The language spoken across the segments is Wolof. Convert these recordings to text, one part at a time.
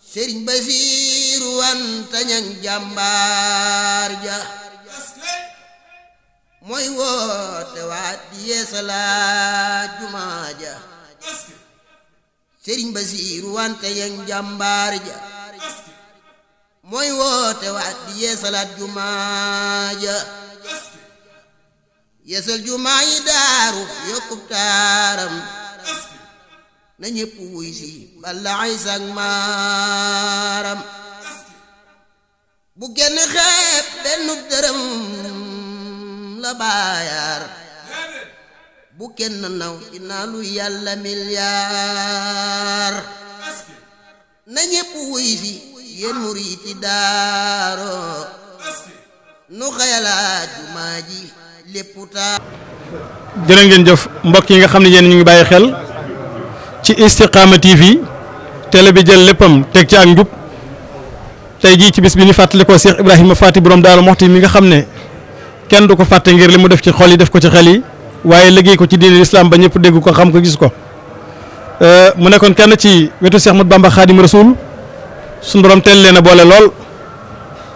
sëriñ Basiiru wanta ñaŋ jàmbaar ja mooy woote waat di di yeesalaat jumaa ja yeesal jumaa yi daaru yokkub taaram na ñépp wuy si balla aysak maaram bu kenn xeeb benn dërëm la baayaar bu kenn naw ci naalu yàlla milliard na ñépp wuy si yéen murit yi daaro nu xayalaat jumaa ji lépp taa jërë ngeen jëf mbokk yi nga xam ne yéen ñu ngi bàyyi xel ci Istikhama TV télé bi jël léppam teg ci ak njub tey jii ci bis bi ñu fàttalikoo Cheikh Ibrahima Faty borom Daaru Muxti mi nga xam ne kenn du ko fàtte ngir li mu def ci xol yi def ko ci xel yi waaye liggéey ko ci diine lislaam ba ñëpp dégg ko xam ko gis ko euh, mu nekkoon kenn ci wetu Cheikh Ahmadou Bamba Xaadim Rasuul suñu borom teel leen a boole lool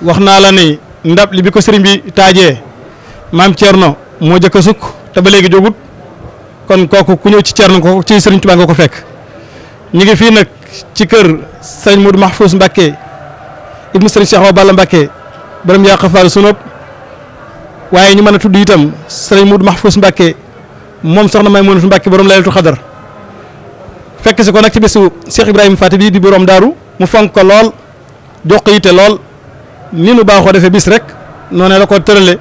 wax naa la ni ndab li bi ko sëriñ bi taajee maam Thierno moo jëkk a sukk te ba léegi jógut kon kooku ku ñëw ci Thierno ko ci sëriñ Tuubaa nga ko fekk. ñu ngi fii nag ci kër sëñ Modou Mahfous Mbacke ibnu sëñ Cheikh Awa Balla Mbacke borom yaa xafaaru sunob waaye ñu mën a tudd itam sëñ Modou Mahfous Mbacke moom soxna may Mounatou Mbacke borom laylatul xadar fekk si ko nag ci bésu Cheikh Ibrahima Fati bi di borom daaru mu fonk ko lool jox ko yitte lool nii nu baaxoo defee bis rek noonu la ko tërale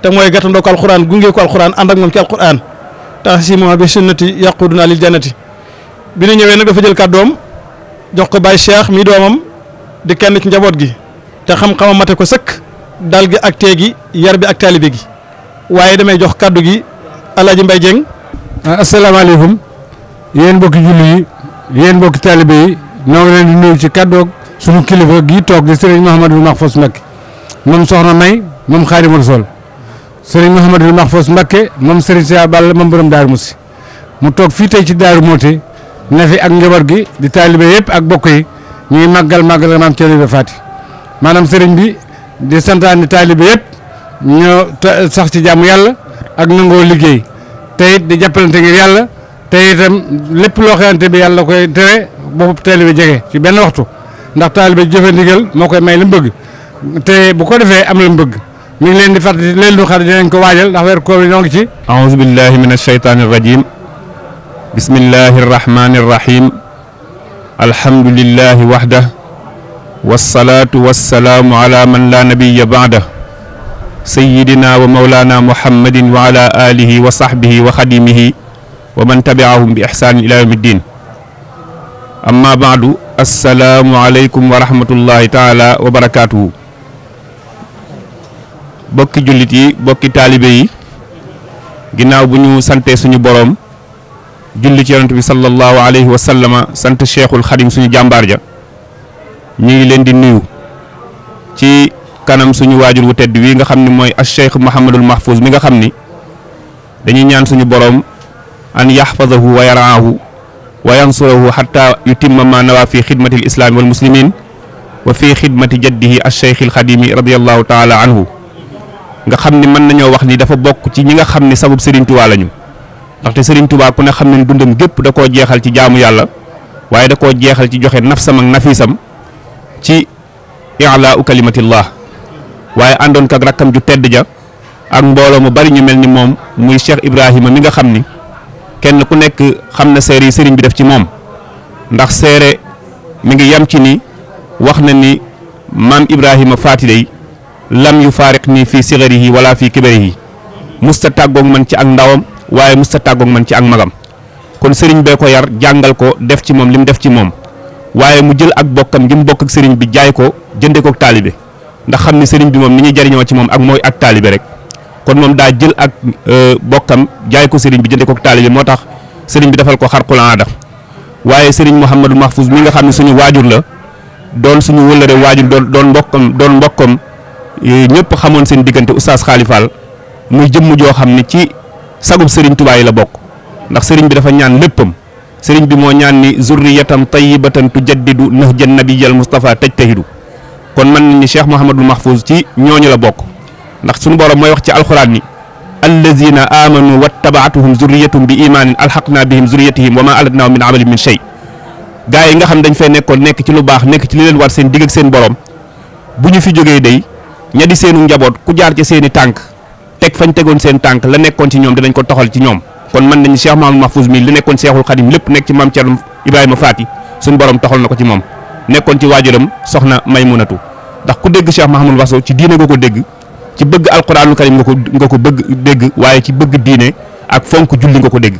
te mooy gàttandoo ko alxuraan gunge ko alxuraan ànd ak moom ci alxuraan tax si moom bi sunnati yaquduna lil jannati bi ñu ñëwee nag dafa jël kàddoom jox ko Baye Cheikh mi doomam di kenn ci njaboot gi te xam-xamam mate ko sëkk dal gi ak tee gi yar bi ak taalibe gi waaye damay jox kàddu gi El mbay Mbaye Dieng. Ah, asalaamaaleykum yéen mbokki julli yi yéen mbokki taalibe yi ñoo ngi leen di nuyu ci kàddoog suñu kilifa gii toog di sëriñ Mouhamadou Mahfous Mbacké moom soxna May moom Xaadimu Rasuul sëriñ Mouhamadou Mahfous Mbacké moom sëriñ saa bal moom borom Daaru Musi mu toog fii tey ci Daaru Moote ne fi ak njaboot gi di taalibe yëpp ak bokk yi ñuy màggal màggal maam Thierno Ibrahima Faty maanaam sëriñ bi di santaane taalibe yëpp ñoo sax ci jàmm yàlla ak nangoo liggéey te it di jàppalante ngir yàlla te itam lépp loo xamante bi yàlla koy tere boobu taalibe jege ci benn waxtu ndax taalibe jëfe ndigal moo koy may li mu bëgg bu ko defee am la mu bëgg mi ngi leen di leen lu xam ne dinañ ko waajal ndax weer koor yi ci. aouzu billahi minash shaytaani rajim bismillahi irrahmani irrahim alhamdulillahi waxda walsalaatu walsalaamu ala man laa nabiya baada sayidina wa maulana muhammadin wa ala wa sahbihi wa xadimihi wa man tabiahum bi ixsaanin ila yawmi ddin amma baadu assalaamu aleykum wa rahmatullahi taala wa barakaatuhu bokki jullit bokki taalibe yi ginnaaw bu ñu suñu boroom julli ci yonent bi sallallahu alayhi wa sallama sant cheikhul xadim suñu jàmbaar ja ñu ngi leen di nuyu ci kanam suñu waajur wu tedd wi nga xam ni mooy as cheikh Mouhamadul Mahfouz mi nga xam ni dañuy ñaan suñu boroom an yaxfadahu wa yaraahu wa yansurahu xatta yutimma ma nawaa fi xidmati l islaami wal muslimin wa fi xidmati jaddihi as cheikh al xadimi radiallahu taala anhu nga xam ni mën nañoo wax ni dafa bokk ci ñi nga xam ni sabab Sëriñ Tuubaa lañu ndaxte sëriñ tubaab ku ne xam ne dundam gépp da koo jeexal ci jaamu yàlla waaye da koo jeexal ci joxe nafsam ak nafisam ci i'laa'u kalimatillah waaye àndoon ko ak rakkam ju tedd ja ak mbooloo mu bari ñu mel ni moom muy Cheikh Ibrahima mi nga xam ni kenn ku nekk xam na seere yi sëriñ bi def ci moom ndax seere mu ngi yam ci ni wax na ni maam Ibrahima faatiday lam yu faariq nii fii sigarihi wala fii kibarihi musta tàggoog man ci ak ndawam waaye mës ta tàggoog man ci ak magam kon sëriñ bee ko yar jàngal ko def ci moom li mu def ci moom waaye mu jël ak bokkam gi mu bokk ak sëriñ bi jaay ko jëndee ko taalibe ndax xam ne sëriñ bi moom ni ñuy jariñoo ci moom ak mooy ak taalibe rek kon moom daa jël ak euh, bokkam jaay ko sëriñ bi jëndee ko taalibe moo tax sëriñ bi defal ko xarqul aada waaye sëriñ Mouhamadou Mahfouz mi nga xam ne suñu waajur la doon suñu wëllëre waajur doon doon mbokkam doon mbokkam ñëpp xamoon seen diggante oustaz Khalifaal sagub sëriñ Tuubaa la bokk ndax sëriñ bi dafa ñaan léppam sëriñ bi moo ñaan ni zurriyatan tayyibatan tujaddidu nahja nabiyal Mustafa tajtahidu kon mën nañ ni Cheikh Mouhamadul Mahfouz ci ñooñu la bokk ndax suñu borom mooy wax ci alxuraan ni allazina amanu wattabaatuhum zurriyatum bi imaanin alxaqna bihim zurriyatihim wa ma alatnahum min amalihim min shay gaa yi nga xam dañ fay nekkoon nekk ci lu baax nekk ci li leen war seen digg seen borom bu ñu fi jógee day ña seenu njaboot ku jaar ci seeni tànk teg fañ tegoon seen tànk la nekkoon ci ñoom dinañ ko toxal ci ñoom kon mën nañu Cheikh Mamadou Mahfouz mi li nekkoon Cheikhul Khadim lépp nekk ci maam Thierno Ibrahima Faty suñ borom toxal na ko ci moom nekkoon ci waajuram soxna may Maymunatu ndax ku dégg Cheikh Mahamadou Mahfouz ci diine nga ko dégg ci bëgg alquraanul karim nga ko nga ko bëgg dégg waaye ci bëgg diine ak fonk julli nga ko dégg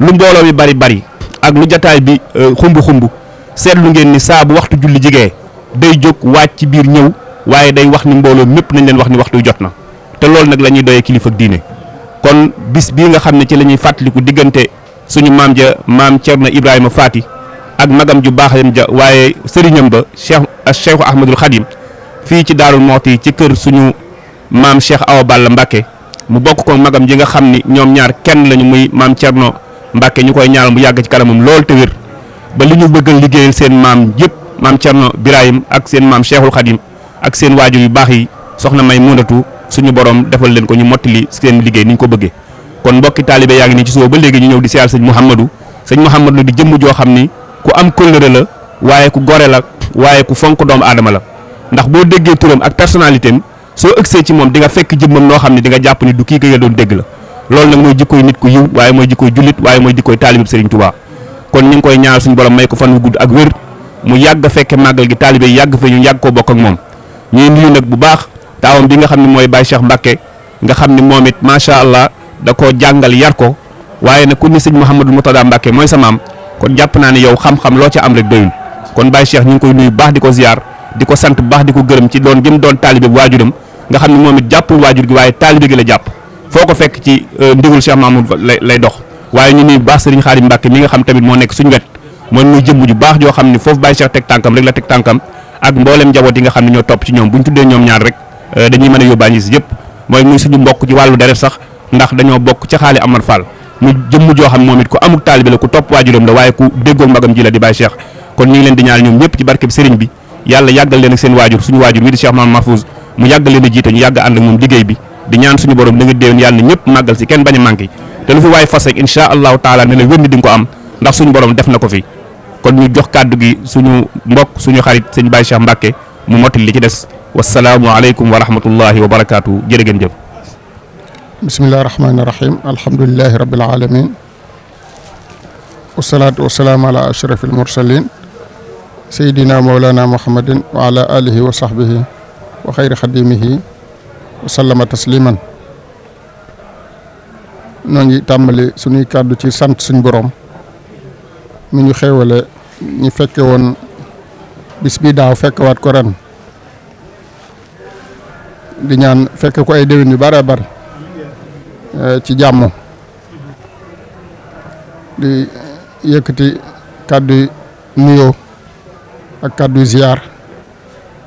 lu mbooloo mi bari bari ak lu jataay bi euh, xumb seet lu ngeen ni saa bu waxtu julli jigee day jóg waaj ci biir ñëw waaye day wax ni mbooloo mépp nañ leen wax ni waxtu jot na te loolu nag la ñuy doyee kilifa diine kon bis bi nga xam ne ci la ñuy fàttaliku diggante suñu maam ja maam Cerno Ibrahima Faati ak magam ju baaxam ja waaye sëriñam ba cheikh cheikhu Ahmadul Xadim fii ci Daarul Muxti ci kër suñu maam Cheikh Awa Balla Mbacke mu bokk ko magam ji nga xam ni ñoom ñaar kenn lañu muy maam Cerno Mbacke ñu koy ñaaral mu yàgg ci kanamam lool te wér ba li ñu bëggal liggéeyal seen maam yëpp maam Cerno Birahim ak seen maam Cheikhul ak seen waajur yu baax yi soxna May Muundatu suñu borom defal leen ko ñu li seen liggéey ni ñu ko bëggee kon mbokki taalibe yaa ngi nii ci suba ba léegi ñu ñëw di siyaal sëñ Mouhamadou sëñ Mouhamadou di jëmm joo xam ni ku am kóllëre la waaye ku gore la waaye ku fonk doomu aadama la ndax boo déggee turam ak personnalité soo ëgsee ci moom di nga fekk jëmmam noo xam ne di nga jàpp ni du kii nga doon dégg la loolu nag mooy jikkoy nit ku yiw waaye mooy jikkoy jullit waaye mooy jikkoy taalibeb Serigne Touba kon ñu ngi koy ñaar may ko fan gudd ak wér mu yàgg a fekke màggal gi taalibe yàgg fe ñu yàgg ko bokk ak moom bu baax taawam bi nga xam ne mooy Baye Cheikh nga xam ne moom it macha allah da koo jàngal yar ko waaye nag ku ni sëñ Mouhamadou Moutada Mbacke mooy sa maam kon jàpp naa ne yow xam-xam loo ca am rek doyul kon Baye Cheikh ñu ngi koy baax di ko ziar di ko sant baax di ko gërëm ci doon gëm doon taalibe waajuram nga xam ne moom it jàppul waajur gi waaye taalibe gi la jàpp foo ko fekk ci euh, ndigul Cheikh Mahmoud lay dox waaye ñu nuyu baax sëriñ Xaadim Mbacke mi nga xam tamit moo nekk suñu wet mooy muy jëmm ju baax joo xam ne foofu Baye Cheikh teg tànkam rek la teg tànkam ak mboolem njaboot yi nga xam ne ñoo topp ci ñoom bu ñu ñaar rek Euh, dañuy mën a yóbbaale ñi yëpp mooy muy suñu mbokk ci wàllu deret sax ndax dañoo bokk ca xaali Amar Fall mu jëmm joo xam moom it ku amul taalibe la ko topp waajuram la waaye ku déggoog magam ji la di Baye Cheikh kon ñu leen di ñaan ñoom ñëpp ci barkeb sëriñ bi yàlla yàggal leen ak seen waajur suñu waajur wi di Cheikh Maam Mahfouz mu yàggal leen a jiite ñu yàgg ànd ak moom liggéey bi di ñaan suñu borom da déwén yàlla ñëpp màggal si kenn bañ a manqué te lu fi waaye fas rek allahu taala ko am ndax def na ko fi kon ñu jox kàddu gi suñu mbokk suñu xarit sëñ Baye Cheikh Mbacke mu motil li ci des wasalaamualeykum wa rahmatullahi wa barakaatu jërë ngeen jëf. bisimilah rahmaani rahiim alhamdulilahi rabil aalamiin wasalaatu wasalaam ala ashrafil mursalin sayidina mawlana muhammadin wa ala alihi wa sahbihi wa xayri xadimihi wa sallama tasliman noo ngi tàmbali suñuy kàddu ci sant suñ borom mi ñu xéewale ñu fekke woon bis bi daaw fekkewaat ko ren di ñaan fekk ko ay déwén yu bare bare eh, ci jàmm di yëkkati kàddu nuyoo ak kàddu ziyaar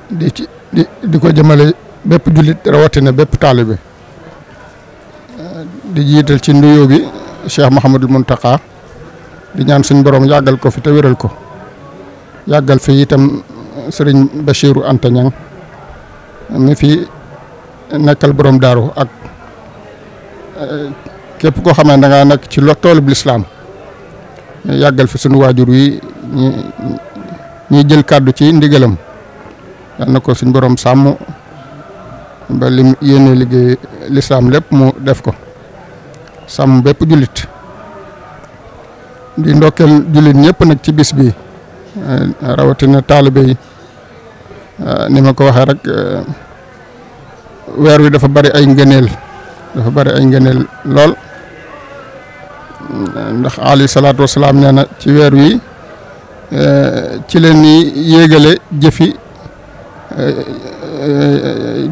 di ko jëmale bépp jullit rawatina bépp taalibe eh, di jiital ci nuyoo gi Cheikh Mouhamadul Mountakha di ñaan suñ borom yàggal ko fi te wéral ko yàggal fi itam sëriñ Bachirou Anta Niang mi fi nekkal borom daaru ak eh, képp koo xam ne nekk ci lo toolub lislaam ñu fi sunu waajur wi ñi ñuy jël kàddu ci ndigalam yal na ko suñ borom sàmm ba lim yéene liggéey lislaam lépp mu def ko sàmm bépp jullit di ndokkeel jullit ñëpp nag ci bis bi eh, rawatina taalibe yi eh, ni ma ko waxee rek weer wi dafa bari ay ngëneel dafa bari ay ngëneel lool ndax alayhi salaatu wasalaam nee na ci weer wi eh, ci leen ni yéegale jëfi eh,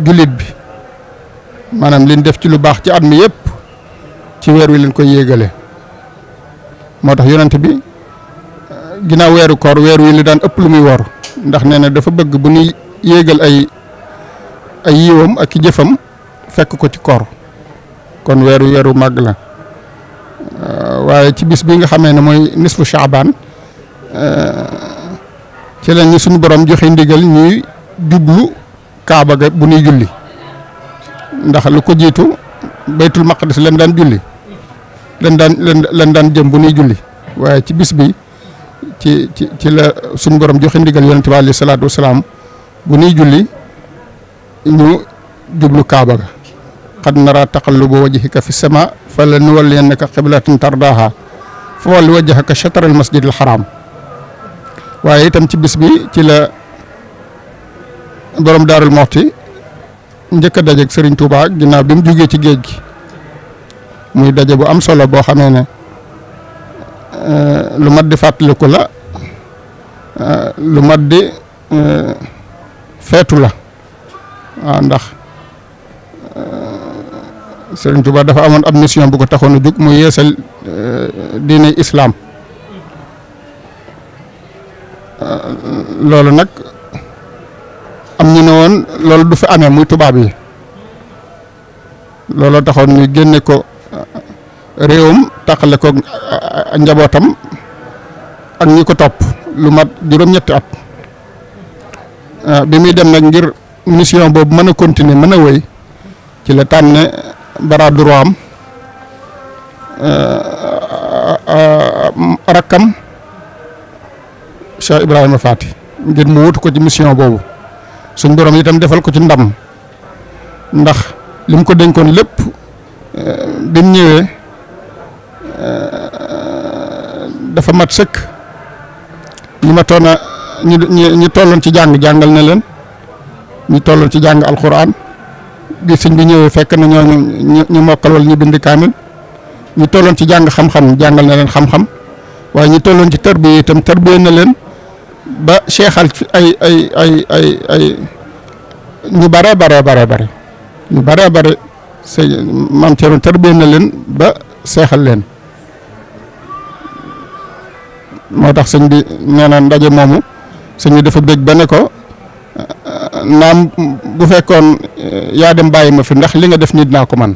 jullit bi maanaam liñ def ci lu baax ci at mi yëpp ci weer wi leen koy yéegale moo tax yonent bi ginnaaw weeru koor weer wi li daan ëpp lu muy woor ndax nee dafa bëgg bu ñuy yéegal ay ay yiwam ak jëfam fekk ko ci koor kon weeru weeru màgg la euh, waaye ci bis bi nga xamee ne mooy nisfu Shaaban euh, ci la ñu suñu borom joxe ndigal ñuy jublu Kaaba ga bu ñuy julli ndax lu ko jiitu baytul maqdis lañ daan julli lañ daan lañ daan jëm bu ñuy julli waaye ci bis bi ci ci ci la suñu borom joxe ndigal yonent bi alayhi salaatu wasalaam bu ñuy julli. ñu jublu kaaba ga xad nara taqalluba wajhika fi sama fa la nuwalliyannaka qiblatan tardaha fa walli wajhaka shatr al masjid al haram waaye itam ci bis bi ci la borom daarul moxti njëkk a dajeeg Serigne Touba ginnaaw bi mu jugee ci géej gi muy daje bu am solo boo xamee ne eh, lu mat di ko la eh, lu mat di eh, feetu la waa ndax euh, Serigne Touba dafa amoon ab mission bu ko taxoon a jóg mu yeesal euh, diine islaam euh, loolu nag am ñu ne woon loolu du fi amee muy tubaab yi looloo taxoon ñu génne ko réewam taqale ko njabootam ak ñi ko topp lu mat juróom-ñetti at bi muy dem nag ngir. mission boobu mën a continuer mën a wéy ci la tànne bara droit am euh, rakkam Cheikh Ibrahima Fati ngir mu wutu ko ci mission boobu suñ borom yi tam defal ko ci ndam ndax li mu ko dénkoon lépp euh, bi mu ñëwee euh, dafa mat sëkk ñi ma ñu ñi ñu tolloon ci jàng jàngal na leen ñu tolloon ci jàng alxuraan bi sëñ bi ñëwee fekk na ñu ñu mokkal wala ñu bind kaamil ñu tolloon ci jàng xam-xam jàngal na leen xam-xam waaye ñu tolloon ci tarbiya itam tarbiya na leen ba seexal fi ay ay bare bare bare bare ñu bare bare na leen ba seexal leen moo tax sëñ bi nee na ndaje moomu sëñ bi dafa bëgg ba ne ko. naam bu fekkoon eh, yaa dem bàyyi ma fi ndax li nga def nii dinaa ko man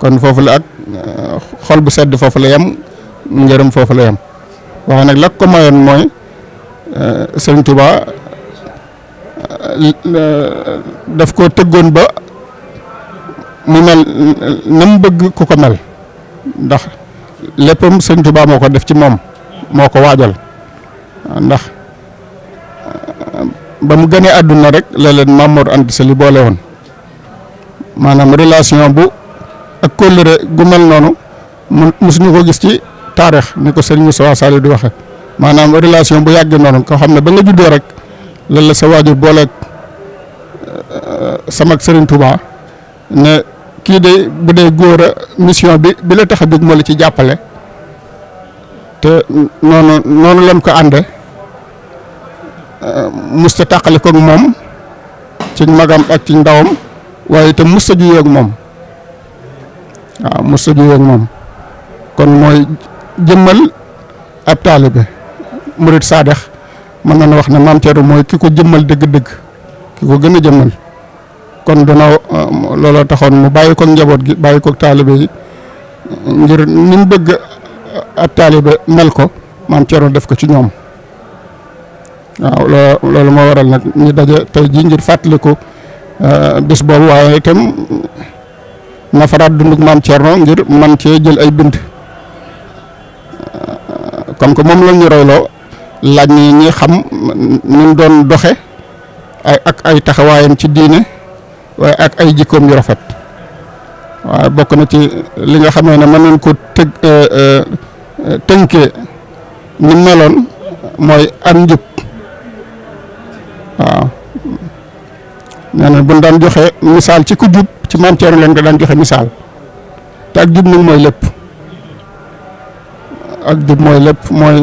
kon foofu la ak eh, xol bu sedd foofu la yem ngërëm foofu la yem waaye nag la ko mayoon mooy eh, sëñ Tuba daf ko tëggoon ba mu mel na mu bëgg ku ko mel ndax léppam sëñ Tuba moo ko def ci moom moo ko waajal ndax ba mu gënee àdduna rek la leen Mamour Anta Sali boole woon maanaam relation bu ak kóllëre gu mel noonu mu mosuñu ko gis ci taarix ni ko sëriñ Moussa Sall di waxe maanaam relation bu yàggee noonu ko xam ne ba nga juddoo rek la la sa waajur booleeg euh, sama sëriñ Touba ne kii de bu dee góor a mission bi bi la tax a jóg moo la ci jàppale te noonu noonu lañ ko àndee. musta tàqale koog moom ci magam ak ci ndawam waaye itam musta juyee ak moom waaw musta juyee ak moom kon mooy jëmmal ab taalibe murid saadex mën na wax ne maam Thierno mooy ki ko jëmmal dëgg-dëgg ki ko gën a jëmmal kon dana euh, looloo taxoon mu bàyyi ko njaboot gi bàyyi ko taalibe yi ngir ni bëgg ab taalibe mel ko maam Thierno def ko ci ñoom. waaw loolu moo waral nag ñu daje tey jii ngir fàttaliku euh, bis boobu waaye itam nafaraat dundug maam Thierno ngir man cee jël ay bind euh, comme que moom la ñu royloo laaj ñi ñi xam ni mu doon doxe ay ak ay taxawaayam ci diine waaye ak ay jikkoom yu rafet waaye bokk na ci li nga xamee ne mën nañ ko tëg euh, tënkee ni meloon mooy am njub waaw nee na bu ñu daan joxee missaal ci ku jub ci maam Thierno leen ko daan joxe misaal te ak jub nag mooy lépp ak jub mooy lépp mooy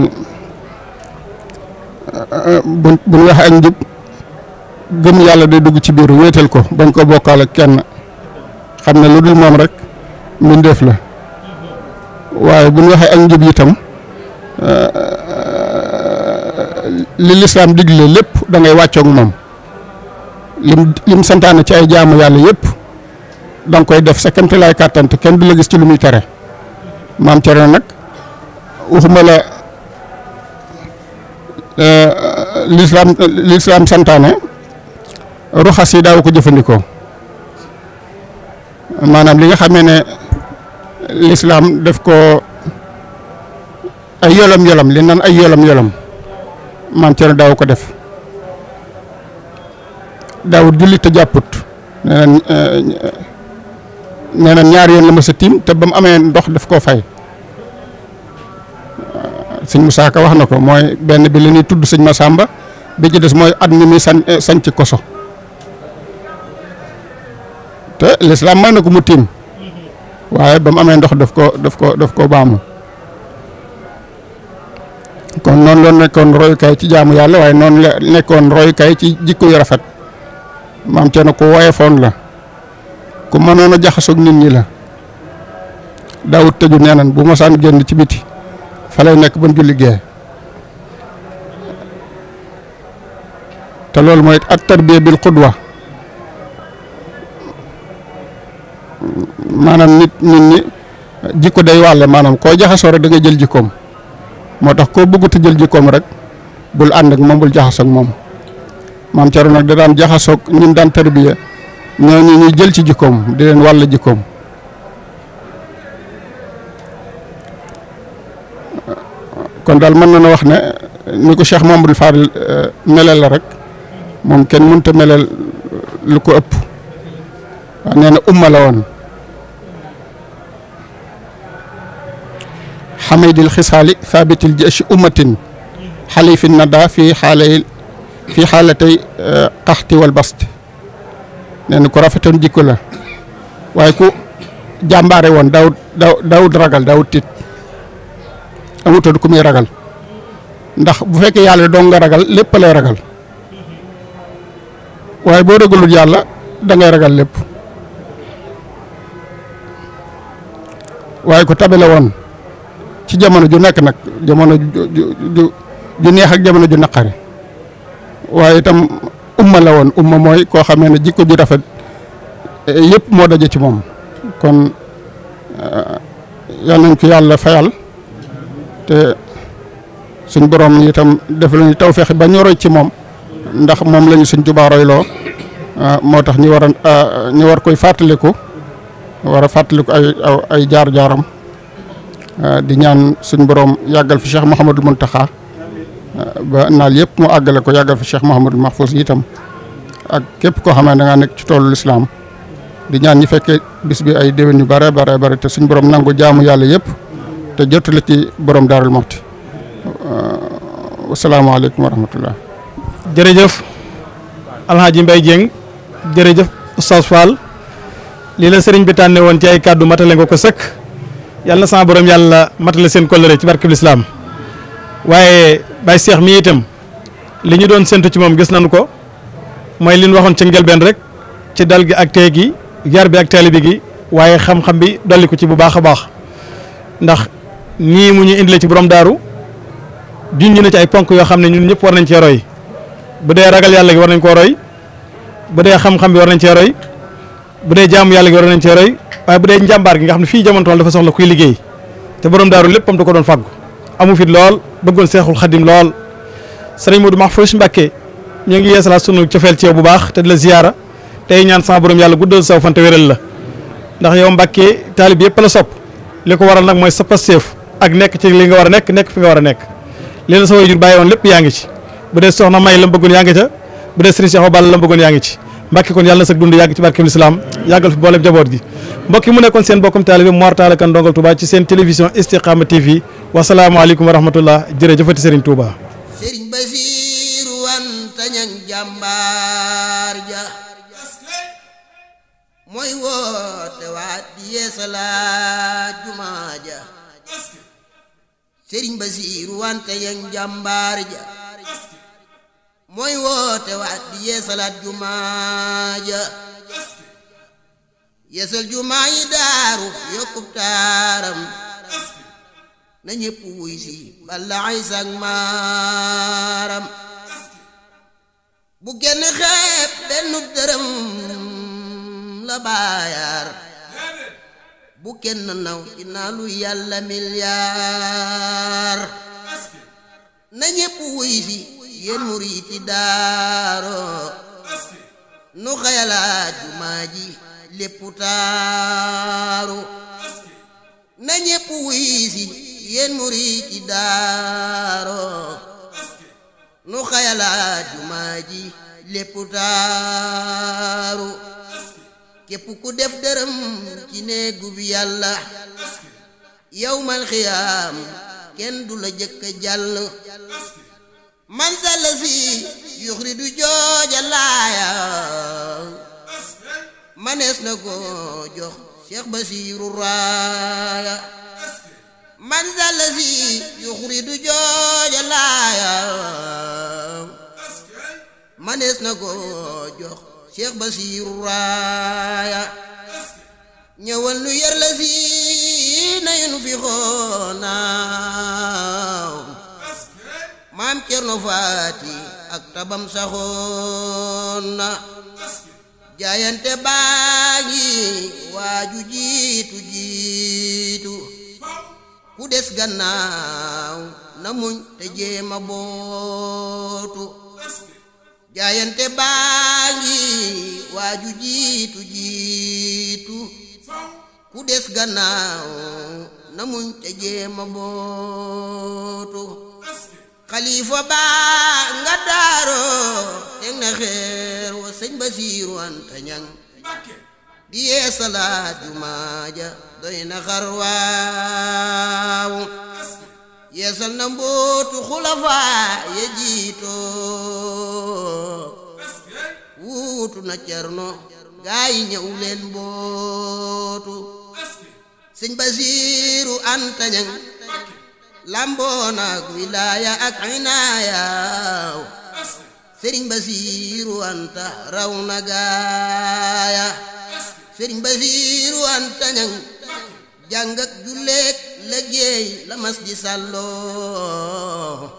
bu bu ñu waxee ak njub gëm yàlla day dugg ci biir wéetal ko bañ ko bokkaale kenn xam ne lu dul moom rek mbindeef la waaye bu ñu waxee ak njub itam. li lislaam digle lépp da ngay wàccoog moom lim lim santaane ci ay jaamu yàlla yëpp da koy def sa kéemte laay kàttan kenn du la gis ci lu muy tere maam tere nag waxuma la euh, lislaam sentaane santaane ruxas yi daaw ko jëfandikoo maanaam li nga xamee ne lislaam def ko ay yolam yolam li nan ay yolam yolam maam Thierno daaw ko def daawut julli te jàpput nee na ñaari yoon la ma sa tiim te ba mu amee ndox daf koo fay sëñ Moussa Ka wax na ko mooy benn bi la ñuy tudd ma sàmba bi ci des mooy at mi muy san eh, sanc koso te lislaam may na ko mu tiim mm-hmm. waaye ba mu amee ndox daf ko daf ko daf koo baamu kon noonu la nekkoon royukaay ci jaamu yàlla waaye noonu la nekkoon royukaay ci jikko yu rafet maam Thierno ku woyofoon la ku mënoon a jaxasoog nit ñi la daawut tëju neenan bu mosaan génn ci biti fa lay nekk ban julli gee te loolu mooy at tarbiya bil xudwa maanaam nit nit ñi jikko day wàlle maanaam koo jaxasoo rek da jël jikkoom moo tax koo bëggut a jël jikkoom rek bul ànd ak moom bul jaxasoo moom maam Thierno nag da daan jaxasoo ak daan tarbiya ñooñu ñuy jël ci jikkoom di leen wàll jikkoom kon daal mën nañu wax ne ni ko Cheikh Mamadou Fadil eh, melal la rek moom kenn mënut a melal lu ko ëpp waaw nee na la woon xamaydil xisaali saabitil jeeshi ummatin na daa fi xaalay fii xaalatay xaxti eh, wal bast nee na ku rafetoon jikko la waaye ku jàmbaare woon daawut daawut ragal daawut tiit amutoon ku muy ragal ndax bu fekkee yàlla dong nga ragal lépp lay ragal waaye boo ragalul yàlla dangay ragal lépp waaye ko tabe la woon ci jamono ju nekk nag jamono ju ju neex ak jamono ju naqari waaye itam umma la woon umma mooy koo xamee ne jikko ju rafet eh, yépp moo daje ci moom kon eh, yal nañ ko yàlla fayal te suñ borom itam def lañu tawféex ba ñu roy ci moom ndax moom lañu suñ Tuubaa royloo eh, moo tax ñu war ñu war koy fàttaliku war a fàttaliku ay ay jaar-jaaram. Euh, di ñaan suñ borom yàggal fi Cheikh Mouhamadul Mountakha euh, ba naal yëpp mu àggale ko yàggal fi Cheikh Mouhamadul Mahfouz itam ak képp koo xam ne da nekk ci toolu lislaam di ñaan ñi fekkee bis ay déwén yu bare bare bare te suñ borom nangu jaamu yàlla yëpp te jotu ci borom Daarul Muxti euh, wasalaamaaleykum wa rahmatullah. jërëjëf Alhaji Mbaye Dieng jërëjëf Oustaz Fall lii la sëriñ bi tànne woon ci ay kàddu matale nga ko sëkk. yàlla na sama borom yàlla matale seen kóllëre ci barkeb lislaam waaye Baye Cheikh mii itam li ñu doon séntu ci moom gis nañu ko mooy li ñu waxoon ci njëlbeen rek ci dal gi ak tey gi yar bi ak taalibe gi waaye xam-xam bi dolli ko ci bu baax a baax ndax nii mu ñu indile ci borom daaru junj na ci ay ponk yoo xam ne ñun ñëpp war nañ cee roy bu dee ragal yàlla gi war nañ koo roy bu dee xam-xam bi war nañ cee roy bu dee jaamu yàlla gi war nañ cee roy waaye bu dee njàmbaar gi nga xam ne fii jamono tool dafa soxla kuy liggéey te borom daaru léppam da ko doon fàggu amu fit lool bëggoon seexul xadim lool sëriñ Modou Mahfouss Mbacké ñu ngi yeesalaat sunu cofeel ci yow bu baax te di la ziyaara tey ñaan sama borom yàlla guddal saw fante wéral la ndax yow Mbacké taalib yëpp la sopp li ko waral nag mooy sa pasteef ak nekk ci li nga war a nekk nekk fi nga war a nekk li la sa waajur bàyyi woon lépp yaa ngi ci bu dee soxna May la mu bëggoon yaa ngi ca bu dee sëriñ Cheikh Balla la mu bëggoon yaa ngi ci Mbàkke kon yàlla na sag dund yàgg ci barkeem lislaam yàggal fi boolem jaboot gi mbokki mu nekkoon seen bokkum taalibe Mor Talla Kane Ndongal Touba ci seen télévision Istikhama TV wasalaamaaleykum wa rahmatullah jërëjëfati Serigne Touba Serigne ja mooy woote waat di yeesalaat jumaa wanta ñan jàmbaar ja mooy woote waat di yeesalaat jumaa ja yeesal jumaa yi daaru yokkub taaram na ñépp wuy si balla ay maaram bu kenn xeeb benn dërëm la baayaar bu kenn naw ci naa yàlla miliyaar na ñépp wuy si yéen murit yi nu xayalaat jumaa ji lépp taaru nu xayalaat jumaa ji lépp taaru képp ku def dërëm ci néegu bi yàlla yawmal kenn du la jëkk jàll man sa la si yuxridu jooja laaya manees na ko jox Cheikh Basiru raaya man sa la si yuxridu jooja laaya manees na ko jox Cheikh Basiru raaya ñëwal nu yar la si nañu fi xoonaaw maam Cerno Faati ak tabam saxoon na jaayante baa ngi waaju jiitu jiitu ku des gannaaw na muñ te jéema des gannaaw bootu xalifa baa nga daaroo teg na xeer wa sëñ Basiiru Anta Ñaŋ di yee salaat ja doy na xar waaw yeesal na mbootu xulafaa ya eh? wuutu na cerno gaa yi mbootu sëñ Basiiru Anta Ñaŋ lamboona wilaaya ak inaayaw sëriñ basiiru anta raw gaaya sëriñ basiiru anta ñang jàng ak julleek liggéey la mas di sàlloo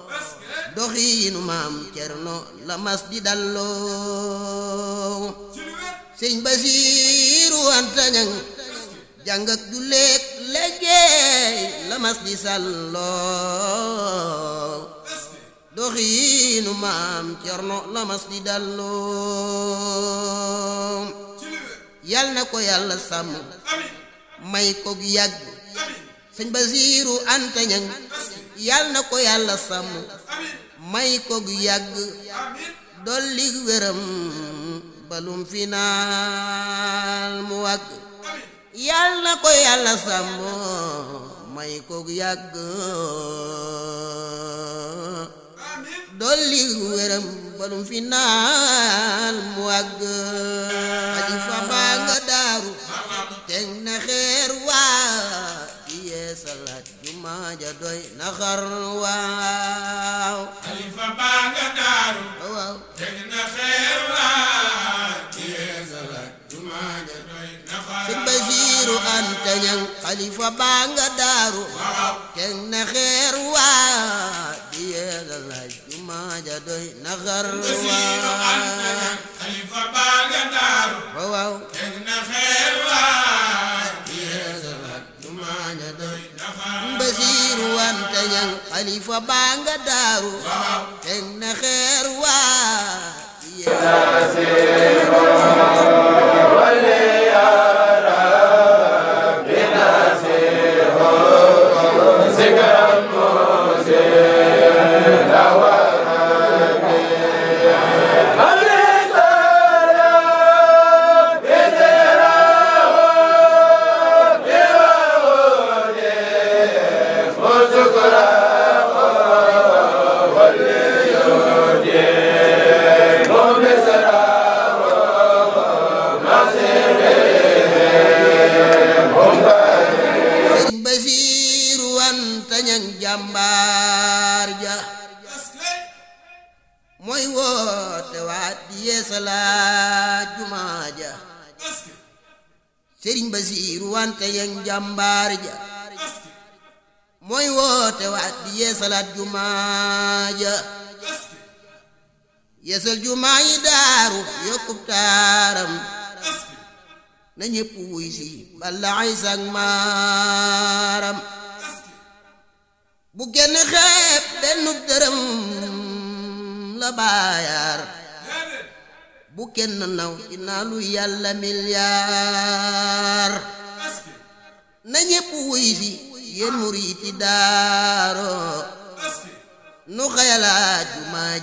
doxiinu maam cerno la mas di dalloo basiiru anta ñang jàng ak julleek léggéey la mas di salloo doxiinu maam Cerno la mas di dalloo yal na ko yàlla sàmm may ko yàgg sëñ Basiiru Anta Ñaŋ yal na ko yàlla sàmm may ko yàgg dolli wéram balum finaal mu wàgg yal na ko yàlla sàmmo may ko yàgg dolli wéram balum fi naan mu wàgg aji fa baa nga daaru teg na xeer waa ki yee salaat jumaa ja doy na xar waa Bassirou Anta Ñaŋ xalifa baa daaru teg xeer waa di yeegal haj jumaa ja daaru waaw xeer waa di yeegal haj jumaa ja daaru teg xeer waa di yeegal sëriñ Basiiru wante yeen jàmbaar ja mooy woote waat di yeesalaat jumaa ja yeesal jumaa yi daaru yokkub taaram na ñépp si balla ay maaram bu kenn xeeb benn dërëm la baayaar bu kenn naw naalu yàlla milliard na ñépp wuy fi yéen murit daaro nu xayalaat jumaa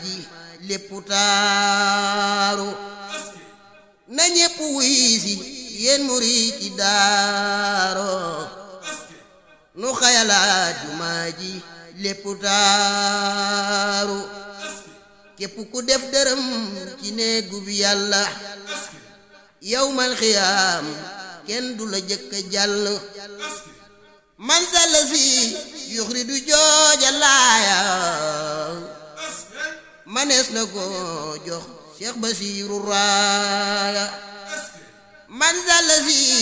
ji taaru képp ku def dërëm ci néegub yàlla yowmal xiyaam kenn du la jëkk jàll man sàlla si yuxridu jooja laaya manees na ko jox Cheikh Basiru raaya man sàlla